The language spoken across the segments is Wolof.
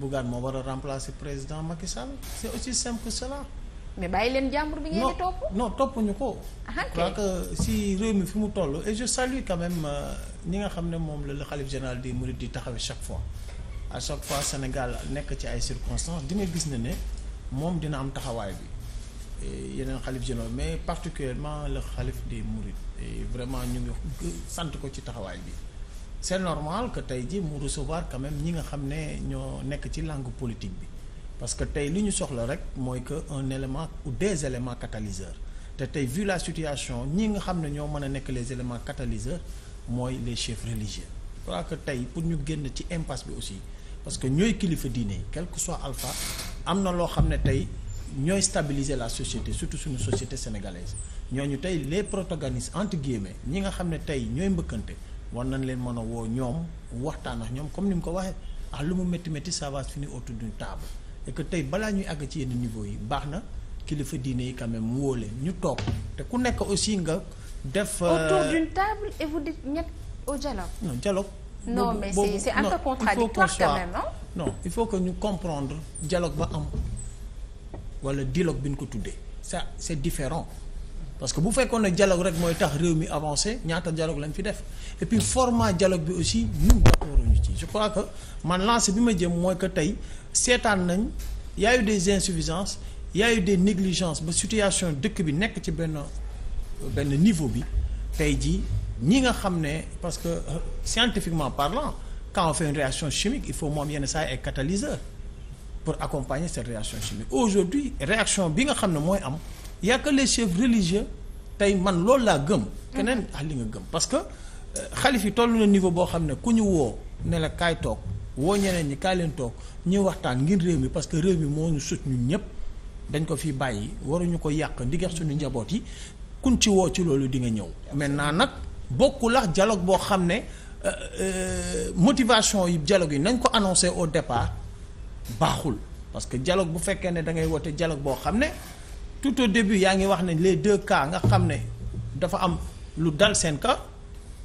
Bougane moo war a remplacer président Macky Sall c'est aussi simple que mais bàyyi leen jàmbur bi ngeen di topp. non non toppuñu ko. parce ah, que si réew mi fi mu toll et je salue quand même euh, ñi nga xam ne moom la le khalife général des mourides di taxawee chaque fois à chaque fois Sénégal nekk ci ay circonstances di nga gis ne ne moom dina am taxawaay bi yeneen khalife général mais particulièrement le khalife des mourides vraiment ñu ngi sant ko ci taxawaay bi. c'est normal que tey ji mu recevoir quand même ñi nga xam ne ñoo nekk ci langue politique bi parce que tey li ñu soxla rek mooy que un élément ou des éléments catalyseurs te tey vu la situation ñi nga xam ne ñoo mën a nekk les éléments catalyseurs mooy les chefs religieux waa crois que tey pour ñu génn ci impasse bi aussi parce que ñooy kilifa diine yi quel que soit alpha am na loo xam ne tey ñooy stabiliser la société surtout suñu société sénégalaise ñooñu tey les protagonistes entre guillemets ñi nga xam ne tey ñooy mbëkkante war nañ leen mën a woo ñoom waxtaan ak ñoom comme ni mu ko waxee ah lu mu métti métti ça va se finir autour d'une table et que tey balaa ñuy àgg ci yenn niveau yi baax na kilifa diine yi quand même woo leen ñu toog te ku nekk aussi nga def. Euh, autour d'une table et vous dites ñett au dialogue. non dialogue. non mais c'est c'est il faut que ñu comprendre dialogue ba am wala dialogue bi nu ko tuddee ça c'est différent. parce que bu fekkoon ne dialogue rek mooy tax réew mi avancé ñaata dialogue lañ fi def et puis format dialogue bi aussi ñun d'accord ñu ci je crois que man lancé bi ma jëm mooy que tey seetaan nañ y des insuffisances y des négligences ba situation dëkk bi nekk ci benn benn niveau bi tey jii ñi nga xam ne parce que euh, scientifiquement parlant quand on une réaction chimique il faut moom yenn saa ay catalyseur pour accompagner cette réaction chimique aujourd'hui bi nga xam ne mooy am y chef que tey man loolu laa gëm. keneen ah li nga gëm parce que euh, xalif yi toll na niveau boo xam ne ku ñu woo ne la kaay toog woo ñeneen ñi kaay leen toog ñuy waxtaan ngir réew mi parce que réew mi moo ñu sut ñun ñëpp dañ ko fi bàyyi waruñu ko yàq ndigax suñu njaboot yi kun ci woo ci loolu di nga ñëw. maintenant nag bokkul ak jaloog boo xam ne euh, euh, motivation yi dialogue yi nañ ko annoncé au départ baaxul parce que dialogue bu fekkee ne da ngay woote dialogue boo xam ne. tout au yaa ngi wax ne les deux cas nga xam ne dafa am lu dal seen cas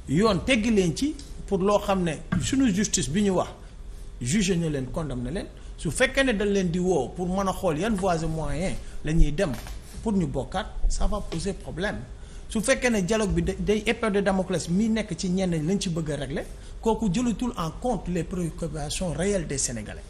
yoon teggi leen ci pour loo xam ne suñu justice bi ñu wax juge na leen condamné leen su fekkee ne dañ leen di woo pour mën a xool yan voies et moyens la ñuy dem pour ñu bokkaat ça va poser problème su fekkee ne jaloog bi day épée de Damoclès mi nekk ci ñenn lañ ci bëgg a le kooku jëlatul en compte les préoccupations réelles des Sénégalais